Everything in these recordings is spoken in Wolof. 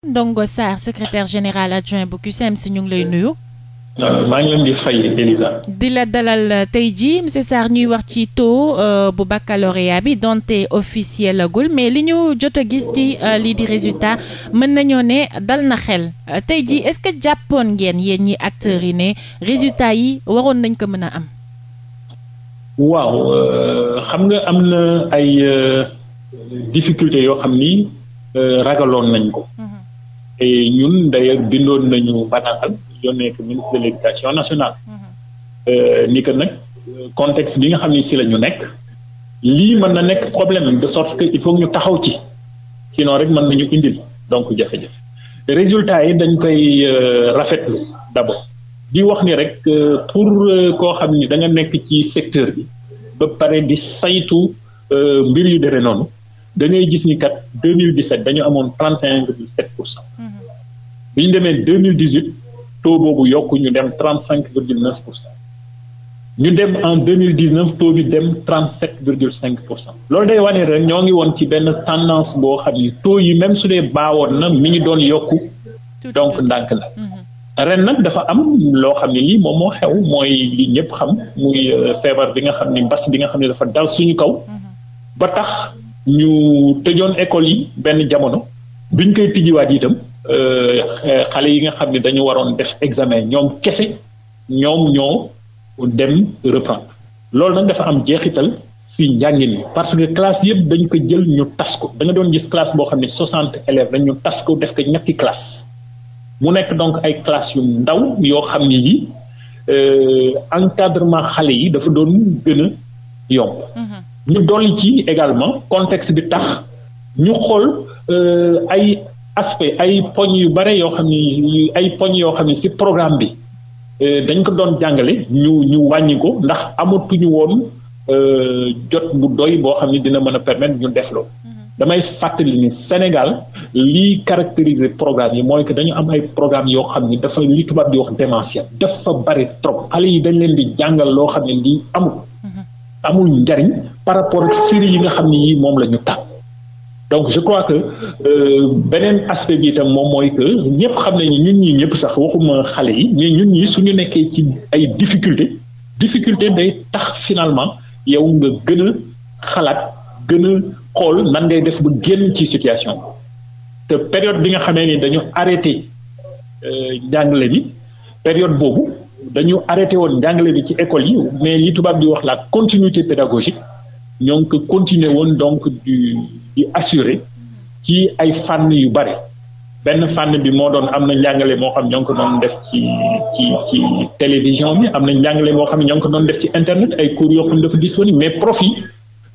Ndongo Sarr secretaire général adjoint bu CUSEMS ñu ngi lay nuyu. Ah, di la dalal euh, tey jii monsieur Sarr ñuy wax ci taux euh, bu baccalauréat bi donte officiel agul mais li ñu jot a gis ci euh, lii di résultat mën nañoo ne dal na xel tey jii est-ce que jàppoon ngeen yéen ñi acteurs yi ne résultat yi waroon nañ ko mën a am. waaw xam nga am na ay difficultés yoo xam ni ragaloon nañ ko. Hmm. et ñun d'ailleurs bindoon nañu bataaxal yónnee ko ministre de l'éducation nationale mm-hmm. euh, ni que nag contexte bi nga xam ne si lañu nekk lii mën na nekk problème de sorte que il faut ñu taxaw ci sinon rek mën nañu indil donc jafe résultat yi dañ koy euh, rafetlu d'abord di wax ni rek euh, pour koo xam ni da nga nekk ci secteur bi ba pare di saytu mbir yu demee noonu da ngay gis ni kat 2017 dañu amoon 31,7 pour cent. Mm-hmm. bi ñu demee deux mille dix huit taux boobu yokk ñu dem trente cinq virgule neuf pour cent ñu dem en deux mille dix neuf taux bi dem trente cinq virgule cinq pour cent loolu day wane rek ñoo ngi woon ci benn tendance boo xam ni taux yi même su dee baawoon na mi ngi doon yokku donc ndànk la. Mm-hmm. ren nag dafa am loo xam ne lii moom moo xew mooy li ñëpp xam muy euh, feebar bi nga xam ni mbas bi nga xam ne dafa dal suñu kaw. Mm-hmm. ba tax ñu tëjoon école yi benn jamono biñ koy tijjiwaat itam. Euh, xale yi nga xam ne dañu waroon def examen ñoom kese ñoom ñoo dem reprendre loolu nag dafa am jeexital si njàngin bi parce que classe yëpp dañ ko jël ñu tas ko da doon gis classe boo xam ne soixante élèves dañ ñu tas ko def ko ñetti classe mu nekk donc ay classe yu ndaw yoo xam ne yi euh, encadrement xale yi dafa doon gën a yomb mm-hmm. ñu dolli ci également contexte bi tax ñu xool euh, ay aspect ay poñ yu bare yoo xam ni ay poñ yoo xam ni ci programme bi euh, dañ ko doon jàngale ñu ñu wàññiku ndax amatuñu woon euh, jot bu doy boo xam ni dina mën a permettre ñu def loolu. Mm-hmm. damay fàttali ni Sénégal lii caractériser programme yi mooy que dañu am ay programme yoo xam ni dafa li tubaab di wax démentiel dafa bari trop xale yi dañ leen di jàngal loo xam ne lii amul mm-hmm. amul njariñ par rapport ak série yi nga xam ne yii moom la ñu tàmm donc je crois que euh, beneen aspect bi itam moom mooy que ñëpp xam nañu ñun ñii ñëpp sax waxuma xale yi mais ñun ñii suñu nekkee ci ay difficulté difficulté day tax finalement yow nga gën a xalaat gën a xool man ngay def ba génn ci situation te période bi nga xamee ni dañu arrêté euh, njàngale bi période boobu dañu arrêté woon njàngale bi ci école yi mais li tubaab di wax la continuité pédagogique ñoo ngi ko woon donc du assurer ci ay fànn yu bare benn fànn bi moo doon am na njàngale moo xam ñoo ngi ko doon def ci ci ci télévision bi am na njàngale moo xam ne ñoo ngi ko doon def ci internet ay cours yoo xam dafa disponible mais profit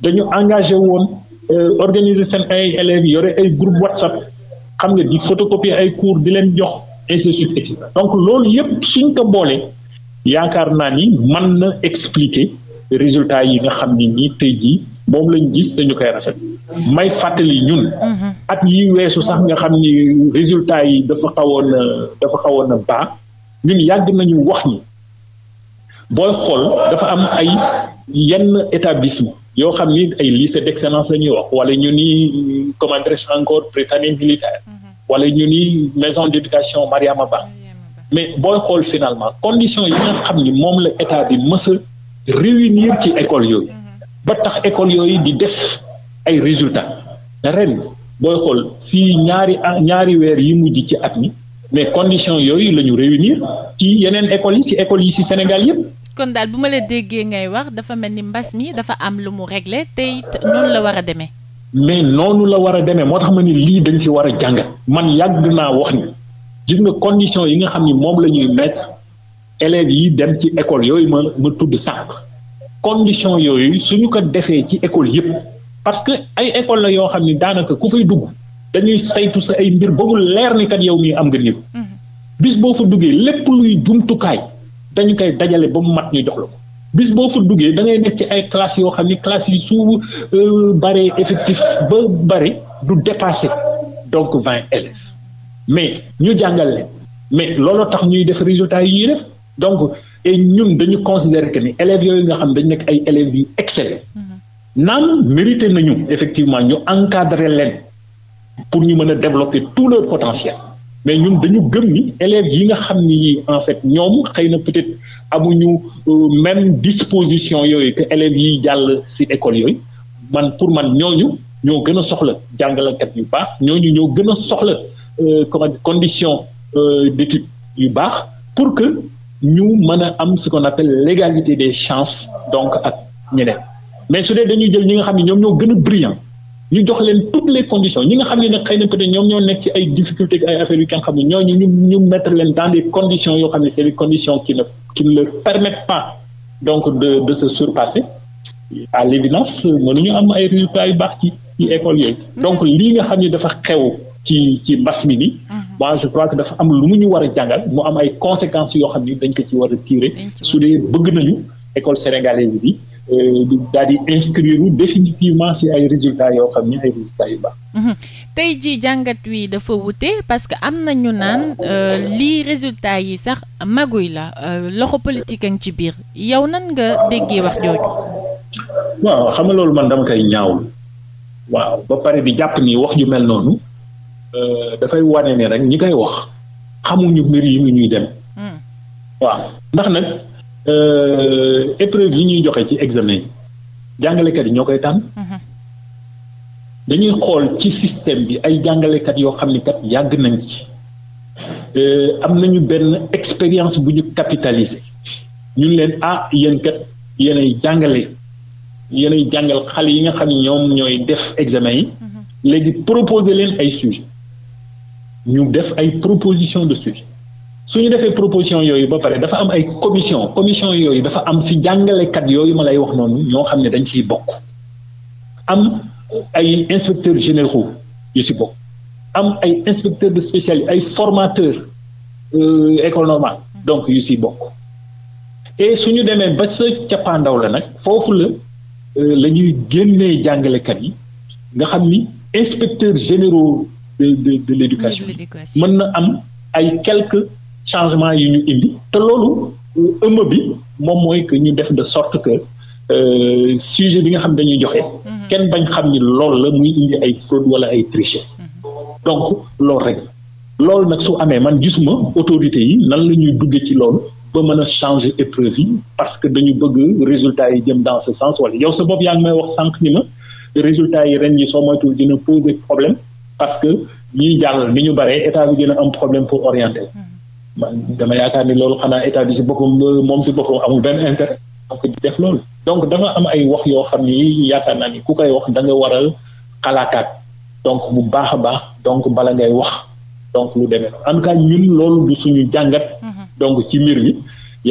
dañu engagé woon euh, organiser seen ay élèves yore ay groupe whatsapp xam nga di photocopier ay cours di leen jox ainsi de donc loolu yëpp suñ ko boolee yaakaar naa ni man na expliquer résultat yi nga xam ni nii tey jii moom lañ gis dañu koy rafet may fàttali ñun. Mhm. at yi weesu sax nga xam ni résultat yi dafa xawoon dafa xawoon a baax ñun yàgg nañu wax ni booy xool dafa am ay yenn établissement yoo xam ni ay lycée d'excellence la ñuy wax wala ñu ni comment dirais-je encore Prytanée militaire mhm. wala ñu ni maison d'éducation Mariama baax mais booy xool finalement condition yi nga xam ni moom la état bi mësa réunir ci école yooyu mhm. ba tax école yooyu di def ay résultat ren booy xool si ñaari ñaari weer yi mujj ci at mi mais conditions yooyu la ñu réunir ci yeneen école yi ci école yi ci Sénégal yëpp. kon daal bu ma la déggee ngay wax dafa mel ni mbas mi dafa am lu mu réglé tey it noonu la war a demee. mais noonu la war a demee moo tax ma ni lii dañ ci war a jàngat. man yàgg naa wax ni gis nga conditions yi nga xam ni moom la ñuy mettre élèves yi dem ci école yooyu ma ma tudd sànq condition yooyu suñu ko defee ci école yëpp parce que ay école la yoo xam ni daanaka ku fay dugg dañuy saytu sa ay mbir ba mu leer ni kat yow mii am nga niveau mhm. bis boo fa duggee lépp luy jumtukaay dañu koy dajale ba mu mat ñu jox la ko bis boo fa duggee da ngay nekk ci ay classes yoo xam ni classes yi su euh, baree effectif ba bari du dépasser donc vingt élèves mais ñu jàngal mais looloo tax ñuy def résultat yi ñuy donc et ñun dañu considérer que ni élèves yooyu nga xam dañu nekk ay élèves yu excellents mhm. naan mérité nañu effectivement ñu encadrer leen pour ñu mën a développer tout le potentiel mais ñun dañu gëm ni élèves yi nga xam ni en fait ñoom xëy na peut-être amuñu euh, même disposition yooyu que élèves yi jàll ci école yooyu man pour man ñooñu ñoo gën a soxla jàngalekat yu baax ñooñu ñoo gën a soxla euh, comment condition euh, d'étude yu baax ñu mën a am ce qu'on appelle l'égalité des chances donc ak ñeneen mais su dee dañuy jël ñi nga xam ne ñoom ñoo gën a brillant ñu jox leen toutes les conditions ñi nga xam ne nag xëy na peut être ñoom ñoo nekk ci ay difficultés ay affaires yu kenn xam ne ñooñu ñu ñu mettre leen dans des conditions yoo xam ne c'est des conditions qui ne qui ne leur permettent pas donc de se surpasser à l'évidence mënuñu am ay résultats ay baax ci ci école yooyu mm-hmm. donc lii nga xam ne dafa xew ci ci mbas mi nii mm-hmm. moi je crois que dafa am lu mu ñu war a jàngal mu am ay conséquence yoo xam ni dañ ko ci war a tirer su dee bëgg nañu école sénégalaise bi euh, daal di inscrire définitivement ci ay résultats yoo xam ni ay résultats yu baax. Mhm. tey jii jàngat wi dafa wute parce que am na ñu naan euh, lii résultat yi sax maguy la euh, loxo politique ci biir yow nan nga déggee wax jooju. waaw xam nga loolu man dama koy ñaawul. waaw ba pare di jàpp ni wax ju mel noonu. Euh, dafay wane ne rek ñi koy wax xamuñu mbir yi mu ñuy dem. Hmm. waaw ndax nag euh, épreuve yi ñuy joxe ci examen yi jàngalekat yi ñoo koy tànn. Hmm. dañuy xool ci système bi ay jàngalekat yoo xam ne kat yàgg nañ ci euh, am nañu benn expérience bu ñu capitaliser ñu leen ah yéen kat yéenay jàngale yéenay jàngal xale yi nga xam ne ñoom ñooy def examen yi hmm. léegi proposer leen ay sujet ñu def ay proposition de suivi su ñu defee proposition yooyu ba pare dafa am ay commission commission yooyu dafa am si jàngalekat yooyu ma lay wax noonu ñoo xam ne dañ siy bokk am ay inspecteurs généraux yu si bokk am ay inspecteurs de spécialité ay formateurs euh, école normale donc yu si bokk et su ñu demee ba sa cappaandaw la nag foofu la euh, la ñuy génnee jàngalekat yi nga xam ni inspecteurs généraux de de de l' mën na am ay quelques changement yi ñu indi te loolu ëmb bi moom mooy que ñu def de sorte que euh, sujet bi nga xam dañuy joxe mhm. kenn bañ xam ni loolu la muy indi ay fraude wala ay triche mhm. donc loolu rek loolu nag su amee man gisuma autorité yi nan la ñuy duggee ci lool ba mën a changer épreuve yi parce que dañu bëgg résultat yi jëm dans ce sens wala yow sa bopp yaa ngi may wax sànq ni ma résultat yi ren yi soo moytuwul dina poser problème parce que ñiy jàll ni ñu baree état bi dina am problème pour orienter hmm. man dama yaakaar ni loolu xanaa état bi si boppam moom si boppam amul benn intérêt donc di def loolu donc dafa am ay wax yoo xam ni yaakaar naa ni ku koy wax da nga waral xalaataat donc bu baax a baax donc bala ngay wax donc lu demee en tout loolu suñu jàngat hmm. donc ci mbir mi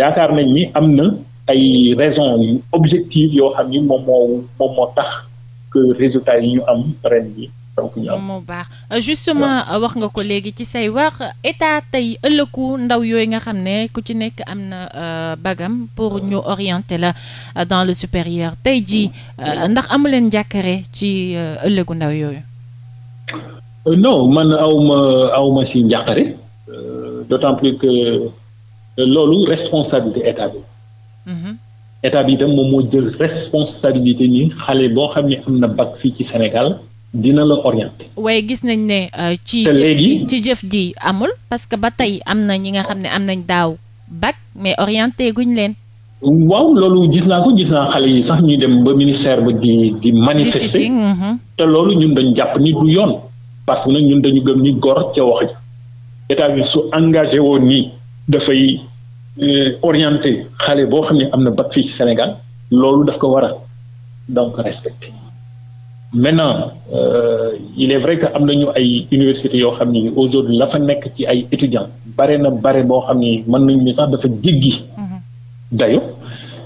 yaakaar nañ ni am na ay raisons yu objectives yoo xam moom moo moom tax que résultats yi ñu am ren bi donc ñu baax euh, justement euh, wax nga ko léegi ci say wax état tey ëllëgu ndaw yooyu nga xam ne ku ci nekk am na euh, bagam pour ñu orienter la dans le supérieur tey jii ndax amu leen njàkkare ci ëllëgu ndaw yooyu non man awma awma si njàkkare d'autant plus que loolu responsabilité état bi mm-hmm. état bi itam moom moo jël responsabilité ni xale boo xam ne am na bac fii ci Sénégal dina la orienté. waaye gis nañ ne. Euh, ci léegi ci jëf ji amul parce que ba tey am na ñi nga xam ne am nañ daaw bac mais orienté guñ leen. waaw loolu gis naa ko gis naa xale yi sax ñuy dem ba ministère ba di di manifester. Mhm. te loolu ñun dañ jàpp ni du yoon. parce que nag ñun dañu gëm ni gor ca wax ji état bi su engagé woon nii dafay euh, orienté xale boo xam ne am na bac fii ci Sénégal loolu daf ko war a donc respecté. maintenant euh, il est vrai que am nañu ay universités yoo xam ni aujourd'hui la fa nekk ci ay étudiants bare na bare boo xam ni mën nañu ni sax dafa jéggi mhm. dayo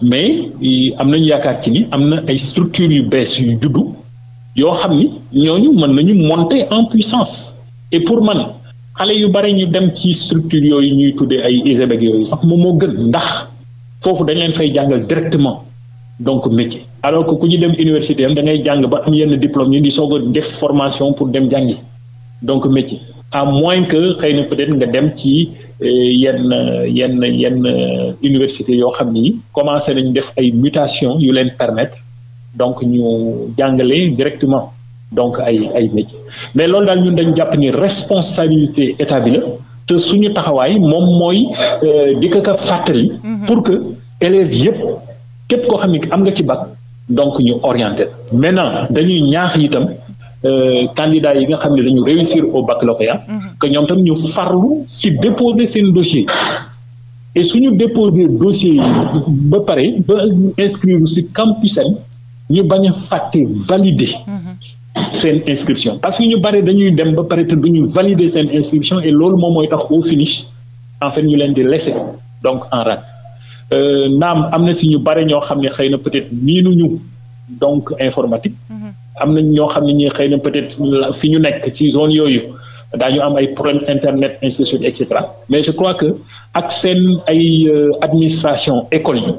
mais am nañu yaakaar ci ni am na ay structures yu bees yu juddu yoo xam ni ñooñu mën nañu monter en puissance et pour man xale yu bare ñu dem ci structures yooyu ñuy tuddee ay ISEB ak yooyu sax moom moo gën ndax foofu dañ leen fay jàngal directement donc métier alors que ku ci dem université am da ngay jàng ba am yenn diplôme ñu di soog a def formation pour dem jàngi donc métier a moins que xëy na peut-être nga dem ci euh, yenn yenn yenn euh, université yoo xam ni commencé nañu def ay mutation yu leen permettre donc ñu jàngale directement donc ay ay métier mais loolu daal ñun dañu jàpp ni responsabilité état bi la te suñu taxawaay moom mooy euh, di ko ka fàttali mm-hmm. pour que élèves yëpp képp koo xam ne am nga ci bag donc ñu mais maintenant dañuy ñaax itam euh, candidat yi nga xam ne dañu réussir au baccalauréat mhm. que ñoom tam ñu farlu si déposer seen dossier et suñu déposer dossier yi ba pare ba inscrire si campus ñu bañ a fàtte valider mhm. seen inscription parce que ñu bare dañuy dem ba pare te duñu valider seen inscription et loolu moom mooy tax au finish en fait ñu leen di laisser donc en rade Euh, naam am na si ñu bare ñoo xam ne xëy na peut-être ñu donc informatique. Mhm. am nañ ñoo xam ne ñi xëy na peut-être fi ñu nekk si zone yooyu ñu am ay problème internet institut et cetera mais je crois que ak seen ay euh, administration école yi mhm.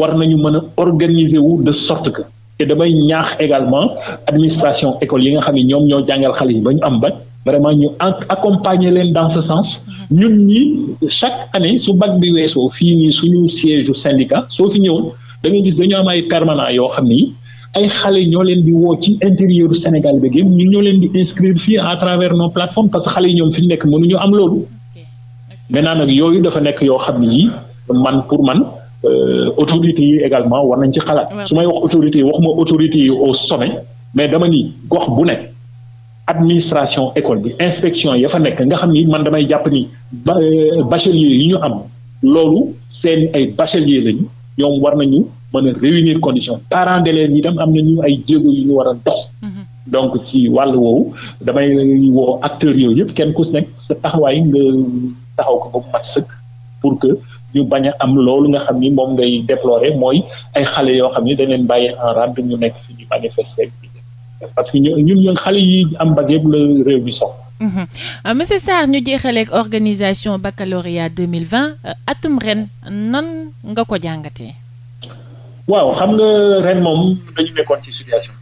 war nañu mën a organiser wu de sorte que te damay ñaax également administration école yi nga xam ne ñoom ñoo jàngal xale yi ba ñu am bañ. vraiment ñu accompagner leen dans ce sens mhm. ñun ñi chaque année su bag bi weesoo fii nii suñu siège u syndicat soo fi ñëw dangay gis dañu am ay permanent yoo xam ni ay xale ñoo leen di woo ci intérieur du Sénégal bi gépp leen di inscrire fii à travers nos plateformes parce que yi ñoom fi ñu nekk mënuñu am loolu maintenant nag yooyu dafa nekk yoo xam ni man pour man euh, autorités yi également war nañ ci xalaat su may wax autorité yi waxuma autorité yi au sommet mais dama ni gox bu nekk administration école bi inspection ya fa nekk nga xam ni man damay jàpp ni ba euh, bachelier yi ñu am loolu seen ay bachelier lañu ñoom war nañu mën a réunir condition parents d'élèves yi tam am nañu ay jéego yu ñu war a dox. Mm-hmm. donc ci wàll woowu damay woo acteurs yooyu yépp kenn ku si nekk sa taxawaay nga taxaw ko ba mu mat sëkk pour que ñu bañ a am loolu nga xam ni moom ngay déplorer mooy ay xale yoo xam ni dañ leen bàyyi en rade ñu nekk fi ñu manifester bi parce que ñu ñun xale yi am bac yëpp la réew mi soxla. Mhm. Euh, monsieur Sarr ñu jeexaleeg organisation baccalauréat 2020 euh, atum ren nan nga ko jàngatee. waaw xam nga ren moom dañu nekkoon ci situation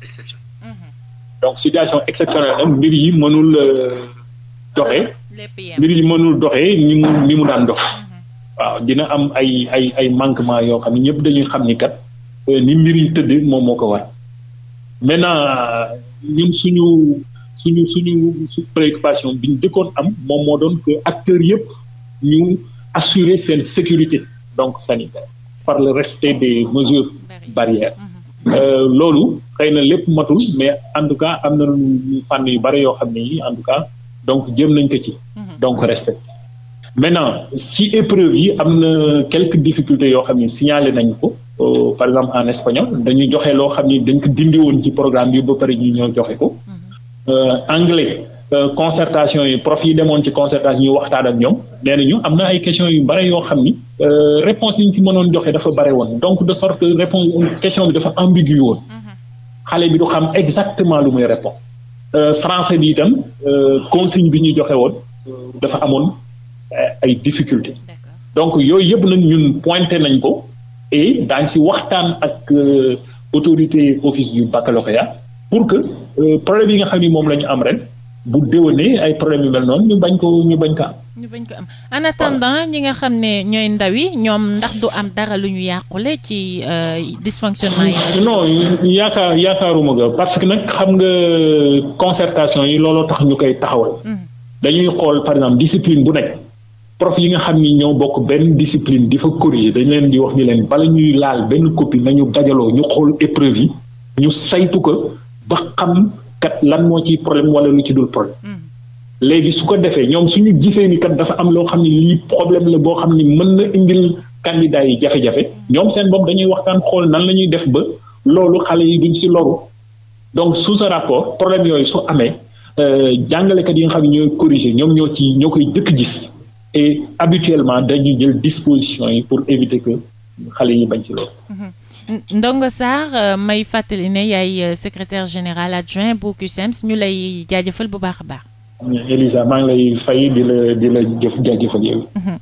exceptionnelle. Mhm. mbir yi mënul euh, doxee. mbir yi mënul doxee ni mu ni mu daan dox. Mhm. waaw dina am ay ay ay manquement yoo xam ne ñëpp dañuy xam ni kat ni mbir yi tëdd moom moo ko war. maintenant ñun suñu suñu suñu su préoccupation bi am moom moo doon que acteurs yëpp ñu assurer seen sécurité donc sanitaire par le respect des mesures barrières mhm. euh, loolu xëy na lépp matul mais en tout cas am na ñu fànn yu bari yoo xam ne yi en tout cas donc jëm nañ ko ci mhm. donc respect maintenant si épreuve yi am na quelque difficultés yoo xam ni signalé nañ ko Euh, par exemple en espagnol dañuy joxe loo xam ni dañ ko dindi woon ci programme bi ba pare ñu ñëw joxe ko. Euh, anglais euh, concertation yi prof yi demoon ci concertation yi waxtaan ak ñoom nee nañu am na ay question yu bare yoo xam ni réponse yi ñu ci mënoon joxe dafa bare woon donc de sorte que réponse question bi dafa ambigu woon xale bi du xam exactement lu muy répondre français bi itam consigne bi ñu joxe woon dafa amoon ay difficulté donc yooyu yëpp nag ñun pointé nañ ko. et daañ si waxtaan ak euh, autorité office du baccalauréat pour que euh, problème yi nga xam ni moom la ñu am ren bu déwénee ay problème yu mel noonu ñu bañ ko ñu bañ ko am. ñu bañ ko am en attendant ñi nga xam ne ñooy ndaw yi ñoom ndax du am dara lu ñu yàqule ci euh, dysfonctionnement yi. no yaakaar yaakaaruma nga parce que nag xam nga concertation yi looloo tax ñu koy taxawal. Mm-hmm. dañuy xool par exemple discipline bu nekk. prof yi nga xam ni ñoo bokk benn discipline di fa corriger dañ leen di wax ni leen bala ñuy laal benn copie nañu dajaloo ñu xool épreuve yi ñu saytu ko ba xam kat lan moo ciy problème wala lu ci dul problème hmm. léegi su ko defee ñoom suñu gisee dafa am loo xam ne lii problème la boo xam ni mën indil candidat yi jafe-jafe ñoom seen bopp dañuy waxtaan xool nan la ñuy def ba loolu xale yi duñ si loru donc su ce rapport problème yooyu su amee euh, jàngalekat yi nga xam ne ñooy corriger ñoom ñoo ci ñoo koy jëkk gis et habituellement dañuy jël disposition yi pour éviter que xale yi bañ ci loolu. Mm-hmm. Ndongo Sarr euh, may fàttali ne yaay euh, secrétaire général adjoint bu CUSEMS ñu lay jaajëfal bu baax a baax. Elisa maa ngi lay fay di la di la jëf jaajëfal